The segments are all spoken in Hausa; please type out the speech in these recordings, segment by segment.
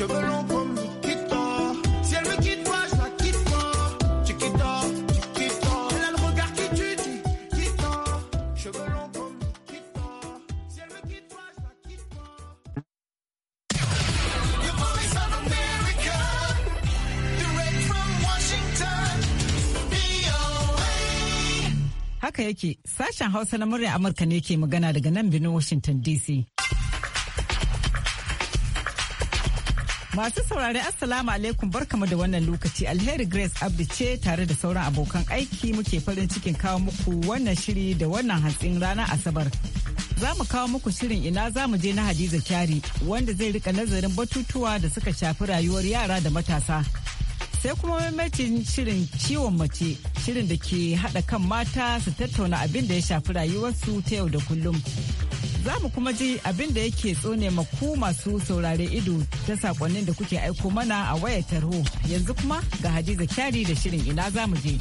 Cheveux longs of America. Direct from Washington. Haka yake, sashen Hausa na murya Amurka ne ke magana daga nan birnin Washington DC. Masu saurari Assalamu alaikum barkamu da wannan lokaci alheri Grace Abdi ce tare da sauran abokan aiki muke farin cikin kawo muku wannan shiri da wannan hantsin ranar Asabar. Za mu kawo muku shirin ina za mu je na Hadiza Kyari wanda zai rika nazarin batutuwa da suka shafi rayuwar yara da matasa. Sai kuma mamacin shirin ciwon mace shirin da ke haɗa kan mata su tattauna abin da ya shafi rayuwarsu ta yau da kullum. Za mu kuma ji abin da yake tsone maku masu saurare ido ta sakonnin da kuke aiko mana a wayar tarho. Yanzu kuma ga Hadiza Kyari da shirin ina za mu je.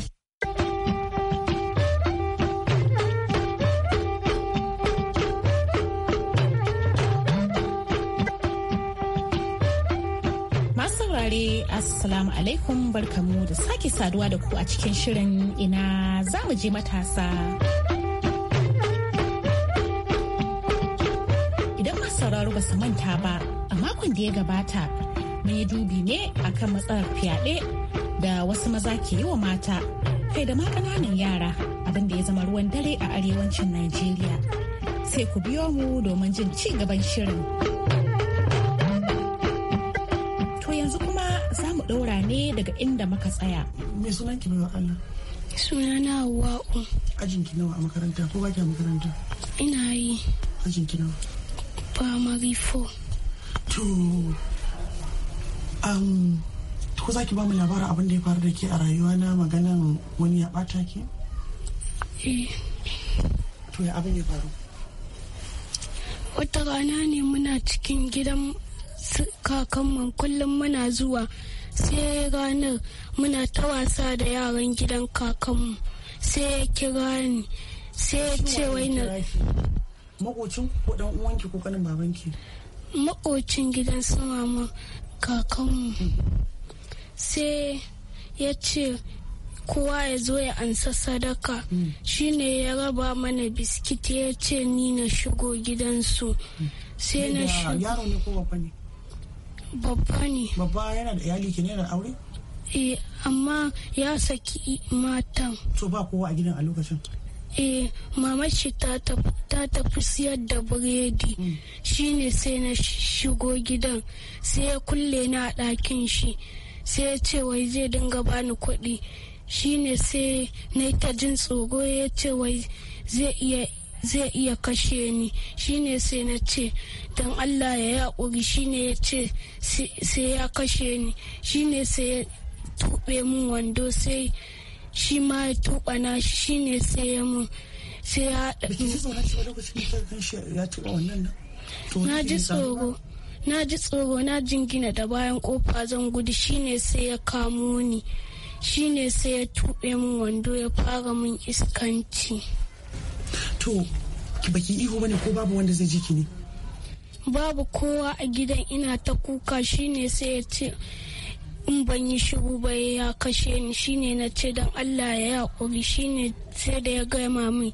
assalamu alaikum barkamu da sake saduwa da ku a cikin shirin ina za mu je matasa. basu manta ba a makon da ya gabata mun dubi ne akan matsalar fyaɗe da wasu maza ke yi wa mata kai da ma ƙananan yara abinda ya zama ruwan dare a arewacin Najeriya. Sai ku biyo mu domin jin ci gaban shirin. To yanzu kuma za mu ɗora ne daga inda muka tsaya. Me sunan ki mai Allah? na Wa'u. Ajin nawa a makaranta ko baki a makaranta? Ina yi. Ajin nawa? primary four to um ko za ki ba mu labarin abin da ya faru da ke a rayuwa na maganan wani ya bata ki eh. to ya abin ya faru wata rana ne muna cikin gidan kakanmu kullum muna zuwa sai ranar muna ta wasa da yaran gidan kakanmu sai ya kira ni sai ya ce wai na makocin ko dan uwanki ko kanin babanki makocin gidan sama ma kakanmu sai ya ce kowa ya zo ya ansa sadaka mm. shine ya raba mana biskit ya ce ni na shigo gidansu sai na shigo ne ko babba ne babba ne babba yana da iyali ke yana da aure eh amma ya saki matan to ba kowa a gidan a lokacin eh mama shi ta tafi siyar da biredi hmm. ne sai na shigo gidan sai ya kulle na ɗakin shi sai ya ce wai zai dinga bani kuɗi shi ne sai na ta jin tsoro ya ce wai zai iya kashe ni shi ne sai na ce don allah ya yaƙuri ne ya ce sai ya kashe ni shi ne sai ya tuɓe min wando sai shi ma ya tuba na shi ne sai ya mu sai ya na ji tsoro na ji tsoro na jingina da bayan kofa zan gudu shi ne sai ya kamo ni shi ne sai ya tuɓe mun wando ya fara mun iskanci to baki iho bane ko babu wanda zai jiki ne babu kowa a gidan ina ta kuka shi ne sai ya ce in ban yi shiru ba ya kashe ni shine na ce don Allah ya yaƙuri shine sai da ya gama min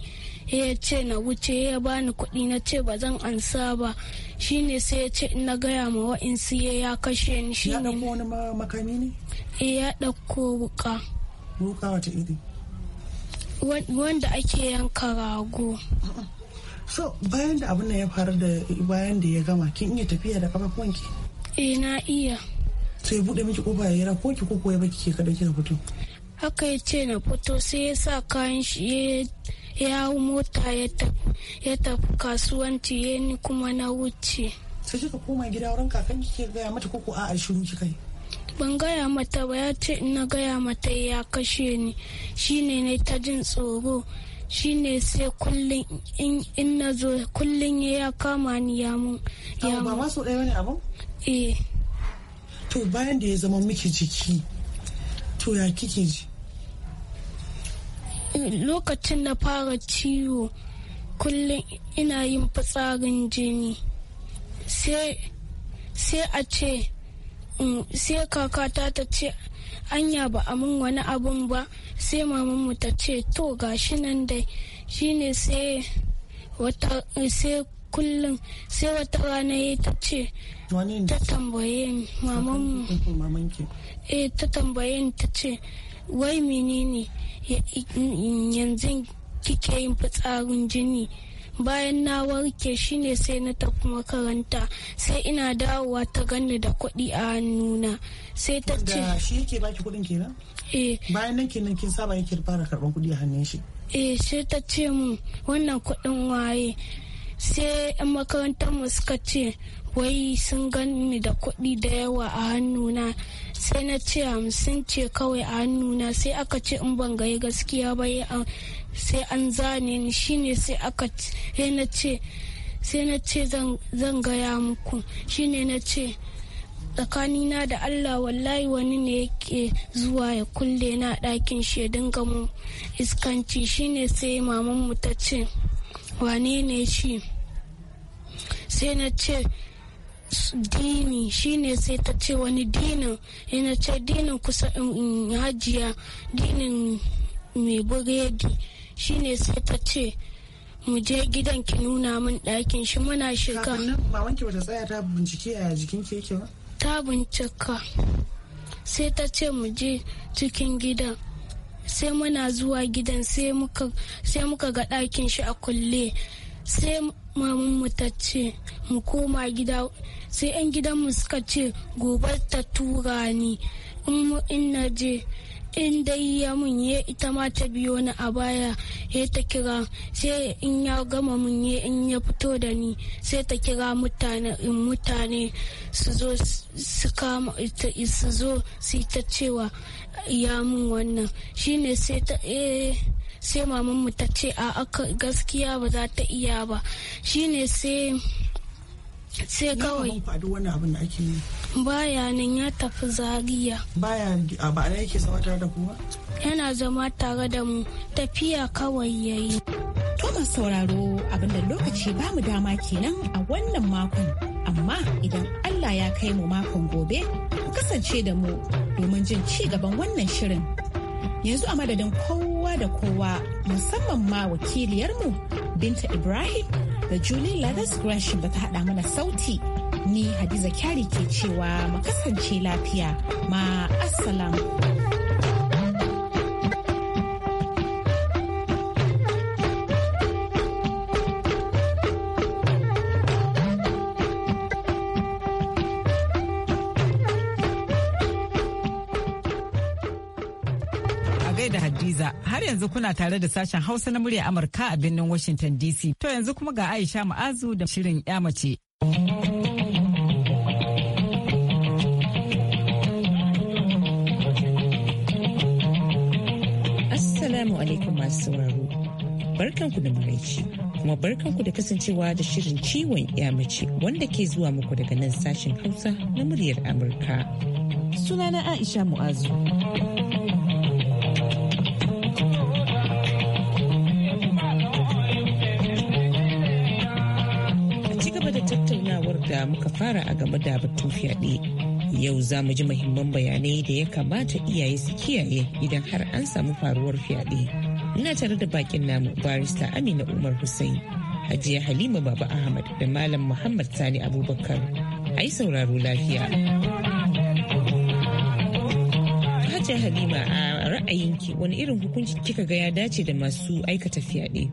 ya ce na wuce ya bani kuɗi na ce ba zan ansa ba shine sai ya ce na gaya ma wa'insu ya ya kashe ni shine ya ɗauko wani makami ne ya ɗauko wuka wuka wata iri wanda ake yanka rago so bayan da abin ya faru da bayan da ya gama kin iya tafiya da kafafuwanki ina eh, na iya sai bude miki kofa ya rako ki ko ya baki ke kada na fito haka ya ce na fito sai ya sa kayan shi ya hau mota ya tafi kasuwanci ya ni kuma na wuce sai kika koma gida wurin kakan ki gaya mata ko a'a shiru ki kai ban gaya mata ba ya ce na gaya mata ya kashe ni shine ne ta jin tsoro shine sai kullum in na zo kullum ya kama ni ya mun ya mun ba masu ɗaya wani abu eh to bayan da ya zama miki jiki to ya kike ji lokacin na fara ciwo kullum ina yin fitsarin jini sai a ce mm, sai kakata ta ce anya ba a mun wani abun ba sai mamanmu ta ce to gashi nan dai shine sai wata sai kullum sai wata rana ya ta ce ta tambaye ni maman eh ta tambaye ni ta ce wai menene yanzu kike yin fitsarin jini bayan na warke shine sai na tafi makaranta sai ina dawowa ta ganni da kuɗi a hannuna sai ta ce da shi yake baki kuɗin kenan eh bayan nan kenan kin saba yake fara karɓar kuɗi a hannun shi eh sai ta ce mu wannan kuɗin waye sai makarantar mu suka ce wai sun gani da kuɗi da yawa a hannuna sai na ce hamsin ce kawai a hannuna sai aka ce in ban gayi gaskiya ba sai an zane ni shine sai aka sai na ce sai na ce zan gaya muku shine na ce tsakanina da Allah wallahi wani ne yake zuwa ya kulle na ɗakin shi ya dinga mu iskanci shine sai mamanmu ta ce wane ne shi sai na ce dini shine sai ta ce wani dinin yana ce dinin kusa hajiya dinin mai buredi shine sai ta ce mu je gidan ki nuna min ɗakin shi muna shiga mamanki bata tsaya ta bincike a jikin keke ba ta bincika sai ta ce mu je cikin gidan sai muna zuwa gidan sai muka ga ɗakin shi a kulle sai mu ta ce mu koma gida sai 'yan gidanmu suka ce gobe ta tura ni in na je in dai ya mun ye ita ma ta biyo ni a baya ya ta kira sai in ya gama mun ye in ya fito da ni sai ta kira mutane in mutane su zo su kama ita su zo su ta cewa ya mun wannan shine sai ta eh, sai mamanmu ta ce a gaskiya ba za ta iya ba shine sai sai kawai faɗi wani abin da ake baya nan ya tafi zaria baya a ba ne yake zama tare da kowa yana zama tare da mu tafiya kawai yayi to ban sauraro abinda lokaci ba mu dama kenan a wannan makon amma idan Allah ya kai mu makon gobe ku kasance da mu domin jin ci gaban wannan shirin yanzu a madadin kowa da kowa musamman ma wakiliyarmu binta ibrahim da Julie Leathers Gresham da ta haɗa mana sauti. Ni Hadiza Kyari ke cewa mu kasance lafiya ma assalamu. yanzu kuna tare da sashen Hausa na murya Amurka a birnin Washington DC. To yanzu kuma ga Aisha Ma'azu da shirin mace. Assalamu alaikum masu sauraro. Barkanku da maraici. kuma barkanku da kasancewa da shirin ciwon mace wanda ke zuwa muku daga nan sashen hausa na muryar amurka sunana aisha mu'azu ci gaba da tattaunawar da muka fara a game da batun fyaɗe yau za mu ji muhimman bayanai da ya kamata iyaye su kiyaye idan har an samu faruwar fyaɗe ina tare da bakin namu barista amina umar hussein hajiya halima baba ahmad da malam muhammad sani abubakar a yi sauraro lafiya ce halima a ra'ayinki wani irin hukunci kika ga ya dace da masu aikata fyaɗe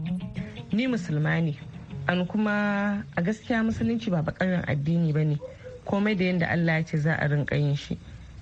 ni musulma ne an kuma a gaskiya musulunci ba bakarin addini ba ne komai da yadda allah ya ce za a rinka yin shi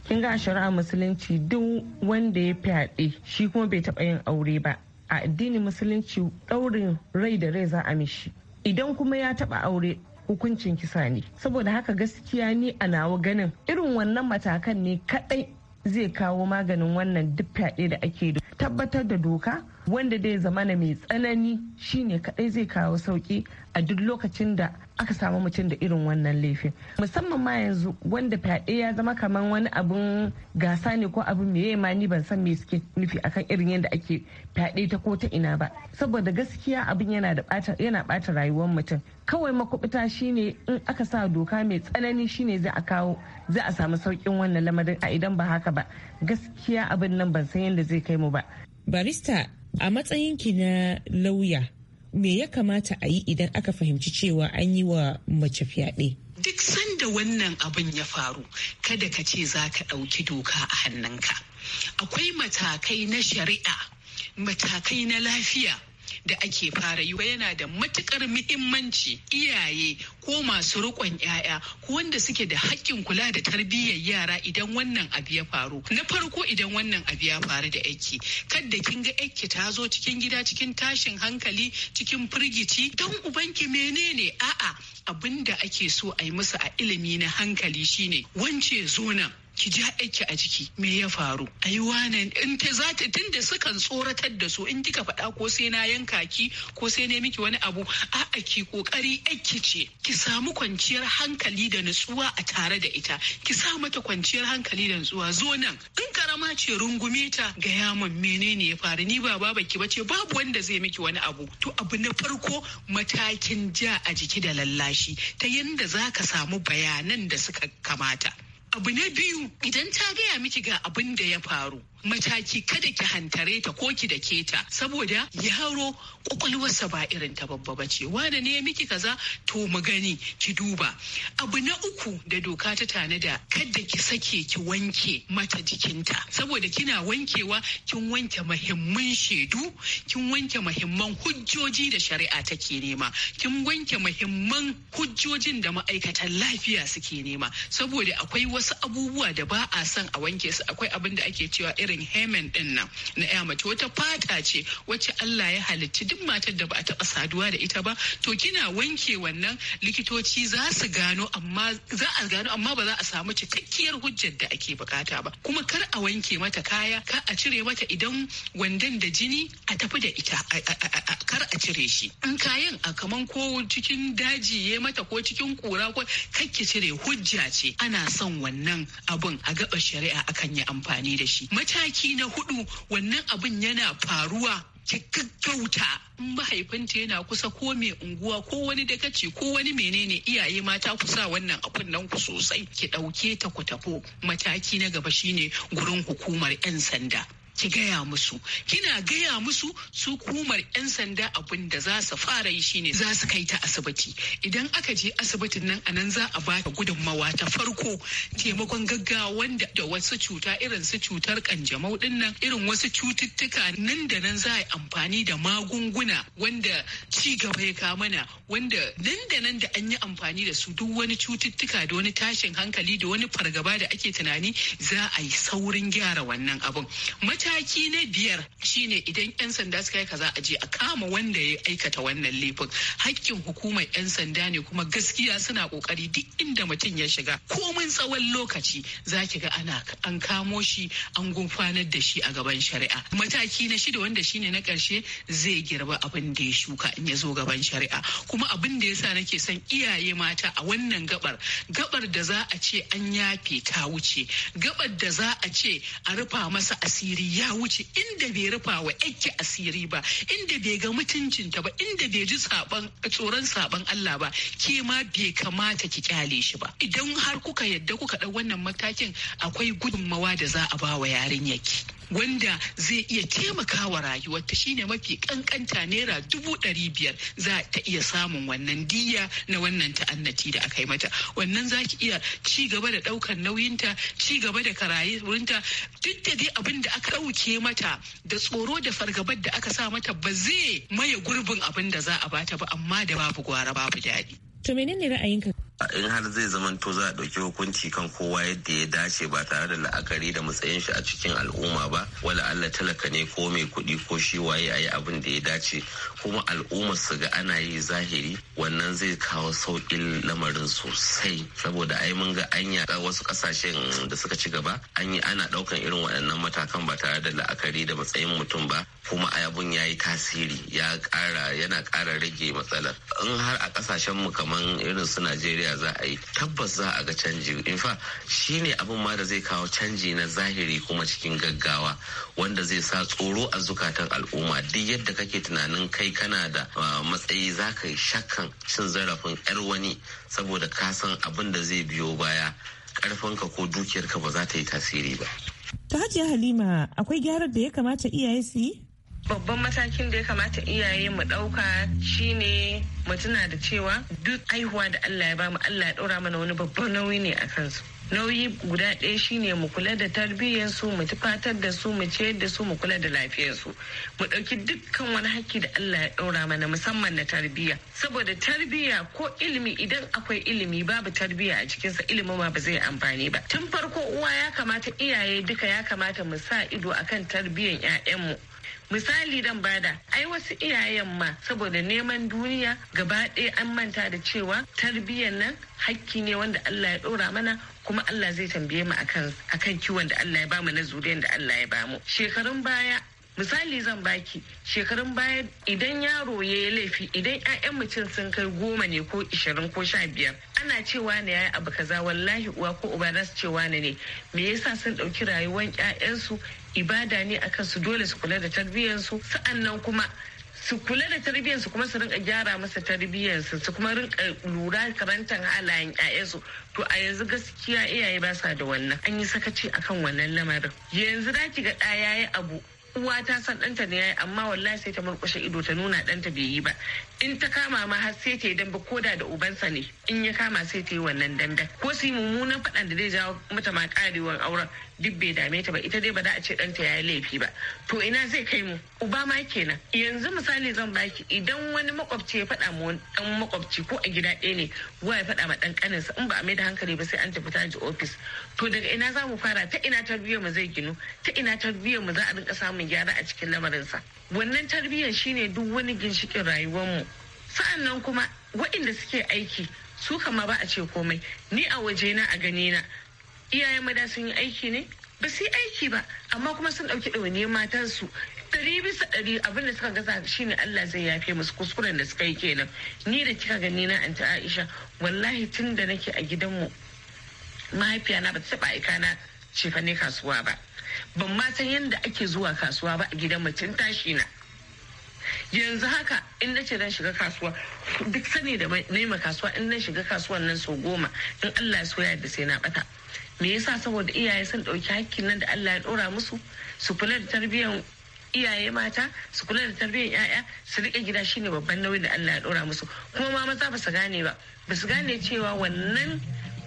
kin ga a shari'a musulunci duk wanda ya fyaɗe shi kuma bai taɓa yin aure ba a addinin musulunci ɗaurin rai da rai za a mishi idan kuma ya taɓa aure hukuncin kisa ne saboda haka gaskiya ni a nawa ganin irin wannan matakan ne kaɗai zai kawo maganin wannan duk fyaɗe da ake tabbatar da doka wanda dai zamana mai tsanani shine kadai zai kawo sauki a duk lokacin da aka samu mutum da irin wannan laifin musamman ma yanzu wanda fyaɗe ya zama kamar wani abun gasa ne ko abin meye ma ni ban san me suke nufi akan irin yadda ake fyaɗe ta ko ta ina ba saboda gaskiya abin yana da yana ɓata rayuwar mutum kawai makubuta shine in aka sa doka mai tsanani shine zai a kawo zai a samu saukin wannan lamarin a idan ba haka ba gaskiya abin nan ban san yadda zai kai mu ba barista a matsayinki na lauya me ya kamata a yi idan aka fahimci cewa an yi wa mace fyaɗe duk sanda wannan abin ya faru kada ka ce za ka ɗauki doka a hannunka akwai matakai na shari'a matakai na lafiya da ake fara yi yana da matukar muhimmanci iyaye ko masu rikon 'ya'ya ko wanda suke da hakkin kula da tarbiyyar yara idan wannan abu ya faru na farko idan wannan abu ya faru da aiki kadda kin ga aiki ta zo cikin gida cikin tashin hankali cikin firgici don ubanki menene a'a abin da ake so a yi musu a ilimi na hankali shine wance zo nan ki ja aiki a jiki me ya faru ai wannan in ta za ta tunda sukan tsoratar da su in kika faɗa ko sai na yanka ki ko sai ne miki wani abu a'a ki kokari aiki ce ki samu kwanciyar hankali da nutsuwa a tare da ita ki sa mata kwanciyar hankali da nutsuwa zo nan in karama ce rungume ta ga yaman menene ya faru ni ba baba ki bace babu wanda zai miki wani abu to abu na farko matakin ja a jiki da lallashi ta yanda za ka samu bayanan da suka kamata abu na biyu idan ta gaya miki ga abin da ya faru mataki kada ki hantare ta ko ki da ta saboda yaro kwakwalwarsa ba irin ta babba ba ce wane ne miki kaza to mu gani ki duba abu na uku da doka ta tanada kada ki sake ki wanke mata jikinta saboda kina wankewa kin wanke mahimman shaidu kin wanke mahimman hujjoji da shari'a take nema kin wanke mahimman hujjojin da ma'aikatan lafiya suke nema saboda akwai wasu abubuwa da ba a son a wanke su akwai abin da ake cewa irin irin hemen din nan na ya mace wata fata ce wacce Allah ya halicci duk matar da ba a taba saduwa da ita ba to kina wanke wannan likitoci za su gano amma za a gano amma ba za a samu cikakkiyar hujjar da ake bukata ba kuma kar a wanke mata kaya kar a cire mata idan wandan da jini a tafi da ita kar a cire shi in kayan a kaman ko cikin daji ya mata ko cikin kura ko kakki cire hujja ce ana son wannan abun a gaba shari'a akan yi amfani da shi mata mataki na hudu wannan abin yana faruwa ki gaggauta in mahaifinta yana kusa ko mai unguwa ko wani da kace ko wani menene iyaye mata kusa wannan abun nan ku sosai ki dauke ta ku tafo mataki na gaba shine gurin hukumar yan sanda ki gaya musu kina gaya musu su kumar yan sanda abin da za su fara yi shine za su kai ta asibiti idan aka je asibitin nan anan za a ba ta gudunmawa ta farko taimakon gaggawa wanda da wasu cuta irin su cutar kanjamau din nan irin wasu cututtuka nan da nan za a yi amfani da magunguna wanda ci gaba ya kamana wanda nan da nan da an yi amfani da su duk wani cututtuka da wani tashin hankali da wani fargaba da ake tunani za a yi saurin gyara wannan abun mata mataki na biyar shine idan 'yan sanda suka yi kaza a je a kama wanda ya aikata wannan laifin hakkin hukumar 'yan sanda ne kuma gaskiya suna kokari duk inda mutum ya shiga komin tsawon lokaci za ki ga ana an kamo shi an gumfanar da shi a gaban shari'a mataki na shida wanda shine na karshe zai girba abin da ya shuka in ya zo gaban shari'a kuma abin da yasa nake son iyaye mata a wannan gabar gabar da za a ce an yafe ta wuce gabar da za a ce a rufa masa asiri ya wuce inda bai rufa wa yake asiri ba inda bai ga mutuncinta ba inda bai ji tsoron saban Allah ba ke ma bai kamata ki kyale shi ba idan har kuka yadda kuka ɗau wannan matakin akwai gudunmawa da za a ba wa yaki wanda zai iya taimakawa rayuwarta shine mafi kankanta naira dubu ɗari biyar za ta iya samun wannan diya na wannan ta'annati da aka yi mata wannan za ki iya ci gaba da ɗaukar nauyinta ci gaba da karayinta duk da dai abin da aka ɗau wuce mata da tsoro da fargabar da aka sa mata ba zai maye gurbin abin da za a bata ba amma da babu gwara babu daɗi. To menene ra'ayinka in har zai zamanto za a ɗauki hukunci kan kowa yadda ya dace ba tare da la'akari da matsayin shi a cikin al'umma ba wala Allah talaka ne ko mai kuɗi ko shi waye a yi abin da ya dace kuma al'umma su ga ana yi zahiri wannan zai kawo sauƙin lamarin sosai saboda ai mun ga anya wasu ƙasashen da suka ci gaba an ana ɗaukan irin waɗannan matakan ba tare da la'akari da matsayin mutum ba kuma abun ya yi tasiri ya ƙara yana ƙara rage matsalar in har a ƙasashen mu kamar irin su Najeriya ya za a yi tabbas za a ga canji in fa shi ne abin ma da zai kawo canji na zahiri kuma cikin gaggawa wanda zai sa tsoro a zukatan al'umma duk yadda kake tunanin kai kana da ah, matsayi za ka yi shakkan cin zarafin 'yar wani saboda ka san abin da zai biyo baya karfanka ko dukiyarka ba za ta yi tasiri ba. Ta hajiya Halima akwai gyaran da ya kamata iyaye su yi? babban matakin da ya kamata iyaye mu ɗauka shine mu tuna da cewa duk aihuwa da Allah ya bamu Allah ya ɗora mana wani babban nauyi ne a kansu. Nauyi guda ɗaya shine mu kula da tarbiyyarsu, mu tufatar da su, mu ciyar da su, mu kula da lafiyarsu. Mu ɗauki dukkan wani hakki da Allah ya ɗora mana musamman na tarbiyya. Saboda tarbiyya ko ilimi idan akwai ilimi babu tarbiyya a cikinsa ilimi ma ba zai amfani ba. Tun farko uwa ya kamata iyaye duka ya kamata mu sa ido akan tarbiyyar 'ya'yanmu. misali dan bada ai wasu iyayen ma saboda neman duniya gaba ɗaya an manta da cewa tarbiyyar nan hakki ne wanda Allah ya ɗora mana kuma Allah zai tambaye mu akan kiwon da Allah ya bamu na zuriyar da Allah ya bamu shekarun baya misali zan baki shekarun baya idan yaro ya yi laifi idan 'ya'yan mutum sun kai goma ne ko ishirin ko sha biyar ana cewa ne ya yi abu kaza wallahi uwa ko uba za su cewa ne ne me yasa sun ɗauki rayuwar 'ya'yansu ibada ne akan su dole su kula da tarbiyyarsu sa'annan kuma su kula da tarbiyyarsu kuma su rinka gyara masa tarbiyyarsu su kuma rinka lura karantar halayen 'ya'yansu to a yanzu gaskiya iyaye ba sa da wannan an yi sakaci akan wannan lamarin yanzu za ki ga ɗaya ya yi abu uwa ta san ɗanta ne yayi amma wallahi sai ta murkushe ido ta nuna ɗanta bai yi ba in ta kama ma har sai ta yi dambe ko da ubansa ne in ya kama sai ta yi wannan dambe ko su yi mummunan faɗan da zai jawo mata ma ƙarewan auren duk bai dame ta ba ita dai ba za a ce danta ya yi laifi ba to ina zai kai mu uba ma kenan yanzu misali zan baki idan wani makwabci ya faɗa ma ɗan makwabci ko a gida ɗaya ne wa ya faɗa ma ɗan ƙaninsa in ba a mai da hankali ba sai an tafi ta ofis to daga ina za mu fara ta ina tarbiyyar mu zai ginu ta ina tarbiyyar mu za a rinka samun gyara a cikin lamarin sa wannan tarbiyyar shine duk wani ginshikin rayuwarmu sa'an nan kuma waɗanda suke aiki su kama ba a ce komai ni a waje na a gani na. iyayen mada sun yi aiki ne ba su yi aiki ba amma kuma sun ɗauki ɗauniyar matansu ɗari bisa ɗari abin da suka gaza shine Allah zai yafe musu kuskuren da suka yi kenan ni da kika gani na anta Aisha wallahi tun da nake a gidanmu mahaifiya na ta taɓa aika na cefa ne kasuwa ba ban ma san yadda ake zuwa kasuwa ba a gidan mu tun tashi na yanzu haka in na ce zan shiga kasuwa duk sani da nema kasuwa in na shiga kasuwan nan sau goma in Allah ya soya da sai na bata me yasa saboda iyaye sun ɗauki hakkin nan da Allah ya ɗora musu su kula da tarbiyyar iyaye mata su kula da tarbiyyar yaya su rike gida shine babban nauyin da Allah ya ɗora musu kuma ma maza ba su gane ba ba su gane cewa wannan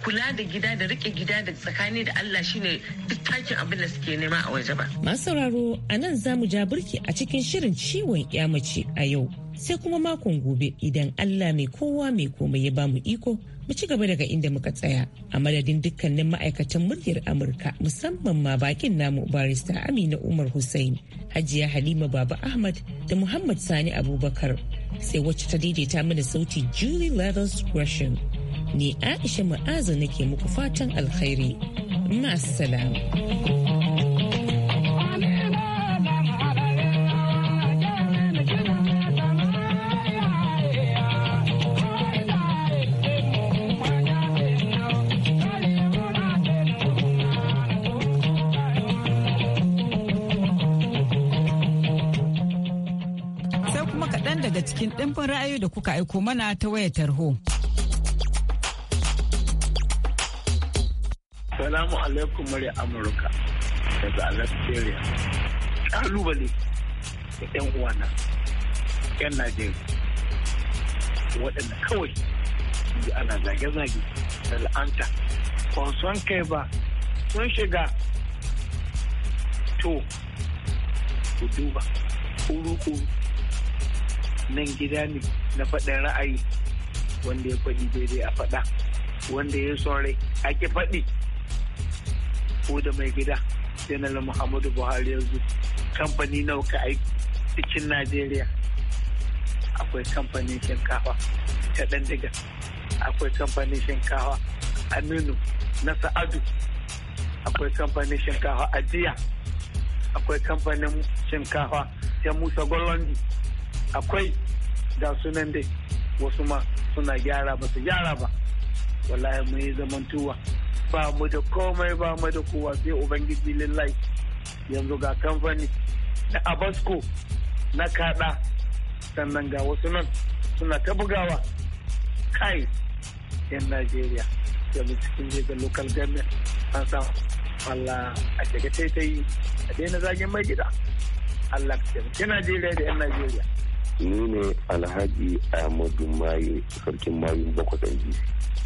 kula da gida da rike gida da tsakani da Allah shine duk takin abin da suke nema a waje ba. Masu sauraro a nan za mu ja burki a cikin shirin ciwon mace a yau sai kuma makon gobe idan Allah mai kowa mai komai ya bamu iko mu ci gaba daga inda muka tsaya a madadin dukkanin ma'aikatan muryar Amurka musamman ma bakin namu barista Amina Umar Hussein Hajiya Halima Baba Ahmad da Muhammad Sani Abubakar sai wacce ta daidaita mana sauti Julie Leathers Russian. Ni Aisha ma'azu nake muku fatan alkhairi. Ma'assalam. cikin ɗimbin ra'ayoyi da kuka aiko mana ta wayar tarho. Assalamu alaikum murya Amurka daga Algeria. Kalubale da 'yan uwana, 'yan Najeriya, waɗanda kawai yi ana zage-zage da la'anta, son kai ba sun shiga to ku duba kuru nan gida ne na faɗin ra'ayi wanda ya faɗi daidai a faɗa wanda ya son rai ake faɗi ko da mai gida janar muhammadu buhari yanzu kamfani nawa ka aiki cikin najeriya akwai kamfanin shinkafa ta dandiga akwai kamfanin shinkafa aminu na sa'adu akwai kamfanin shinkafa ajiya akwai kamfanin shinkafa ta musa golandi akwai da sunan dai wasu ma suna gyara ba su gyara ba wallahi mun yi zamantuwa ba mu da komai ba mu da kowa sai ubangiji lillahi yanzu ga kamfani na abasco na kada sannan ga wasu nan suna ta bugawa kai yan najeriya yanzu cikin jirgin local government an samu allah a shiga taitai a daina zagin mai gida allah ta najeriya da yan najeriya ni ne alhaji ahmadu maye sarkin mayun bakwatan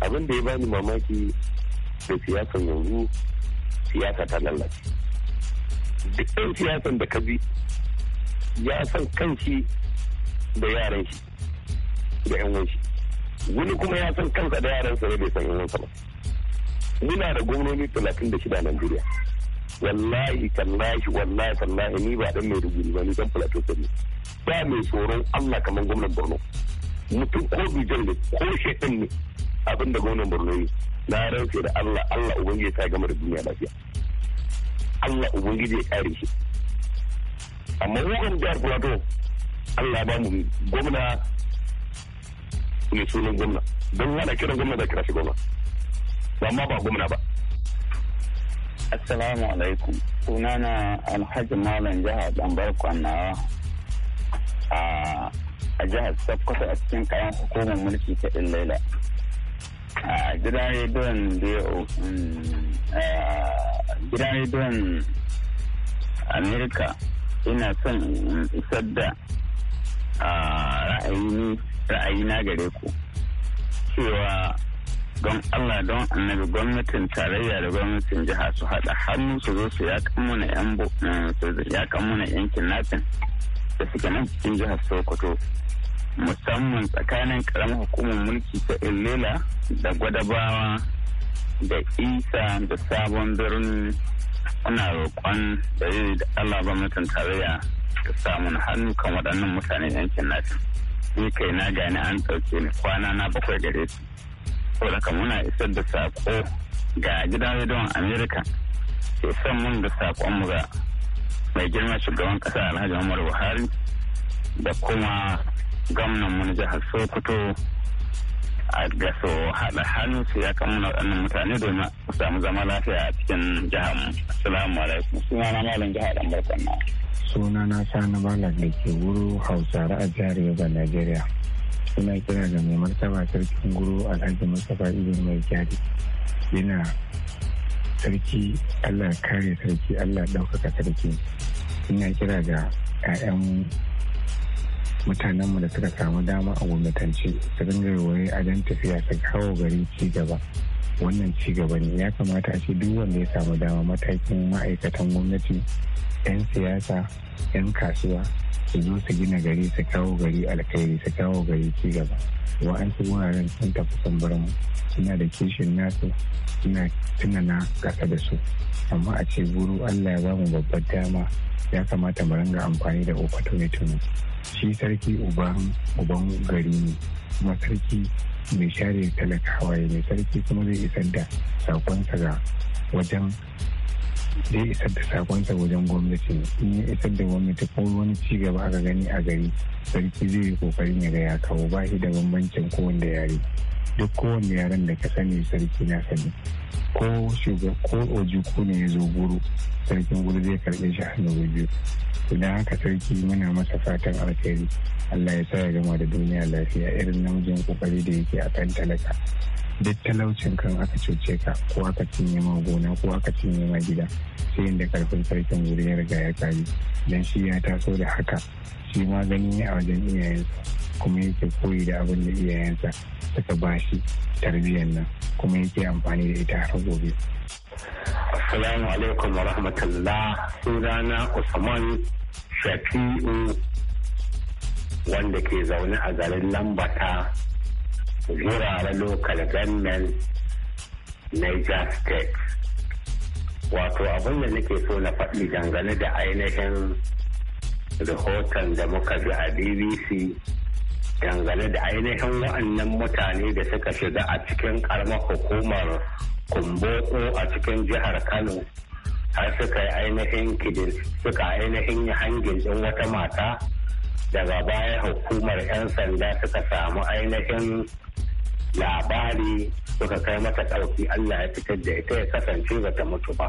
abin da ya bani mamaki sai siyasan yanzu siyasa ta lalace duk ɗan siyasan da ka bi ya san kanshi da yaran shi da yan shi wani kuma ya san kansa da yaran sa ne bai san yan ba muna da gwamnoni talatin da shida Najeriya wallahi tallahi wallahi tallahi ni ba dan mai rubutu ba ni dan plateau ne ba mai tsoron Allah kamar gwamnan Borno mutum ko bijan ne ko shekan ne abin gwamnan Borno yi. na rantse da Allah Allah ubangiji ta gama da duniya lafiya Allah ubangiji ya kare shi amma wugan jihar plateau Allah ba mu gwamna ne sunan gwamna don wani kiran gwamna da kira shi gwamna ba ma ba gwamna ba assalamu alaikum sunana alhaji malam jihar ɗanbar kwanawa a jihar sokoto a cikin kayan hukumar mulki ta illaila gidan rediyon gidan rediyon amerika ina son isar da ra'ayina gare ku cewa don allah don annabi gwamnatin tarayya da gwamnatin jiha su haɗa hannu su zo su yakan muna yankin nafin da suke nan cikin jihar sokoto musamman tsakanin karamin hukumar mulki ta illela da gwadabawa da isa da sabon birni ana roƙon da yi da allah mutum tarayya ta samun hannu kan waɗannan mutane yankin nasu ni kai na gani an ɗauke ni kwana na bakwai gare su saboda muna isar da saƙo ga gidan rediyon amerika ke son mun da mu ga mai girma shugaban ƙasa alhaji umar buhari da kuma gwamnan mu na jihar sokoto ga so haɗa hannu su ya kan muna waɗannan mutane domin su samu zama lafiya a cikin jihar mu assalamu alaikum suna na malam jihar dan suna na sa na malam da ke wuru Hausa a jihar Yoruba Najeriya. suna kira da mai martaba sarkin guru alhaji mustapha ibn mai Jari. yana sarki allah kare sarki allah ɗaukaka sarki ina kira ga 'ya'yan mutanenmu da suka samu dama a gwamnatance su dinga yoyi a dan tafiya su kawo gari ci gaba wannan ci gaba ne ya kamata a ce duk wanda ya samu dama matakin ma'aikatan gwamnati 'yan siyasa 'yan kasuwa su zo su gina gari su kawo gari alkhairi su kawo gari ci gaba wa'ansu wuraren sun tafi sun bar mu suna da kishin nasu suna tunana kasa da su amma a ce buru allah ya bamu babbar dama ya kamata mu ranga amfani da opportunity shi sarki uban gari ne kuma sarki mai share talakawa ya mai sarki kuma zai isar da sakonsa ga wajen zai isar da sakonsa wajen gwamnati in ya isar da gwamnati ko wani ci gaba aka gani a gari sarki zai yi kokarin ya ga ya kawo ba shi da bambancin kowanne yare duk kowanne yaren da ka sani sarki na sani ko shuga ko ko ne ya zo guru sarkin guru zai karɓi shi hannu biyu idan haka sarki muna masa fatan alkhairi allah ya sa ya gama da duniya lafiya irin namijin kokari da yake a kan talaka duk talaucin kan aka cuce ka ko aka cinye ma gona ko aka cinye ma gida sai inda karfin sarkin guri ya riga ya kare dan shi ya taso da haka shi ma gani a wajen iyayensa kuma yake koyi da abin da iyayensa suka ba shi tarbiyyar nan kuma yake amfani da ita har gobe. Assalamu alaikum wa rahmatullah sunana Usman Shafi'u wanda ke zaune a garin Lambata wuraren local government Niger State. Wato abin da nake so na faɗi dangane da ainihin rahoton da muka ji a BBC dangane da ainihin wa'annan mutane da suka shiga a cikin karamar hukumar kumboko a cikin jihar kano har suka yi ainihin kidin suka ainihin yi hangin din wata mata daga baya hukumar 'yan sanda suka samu ainihin labari suka kai mata ɗauki allah ya fitar da ita ya kasance ba ta mutu ba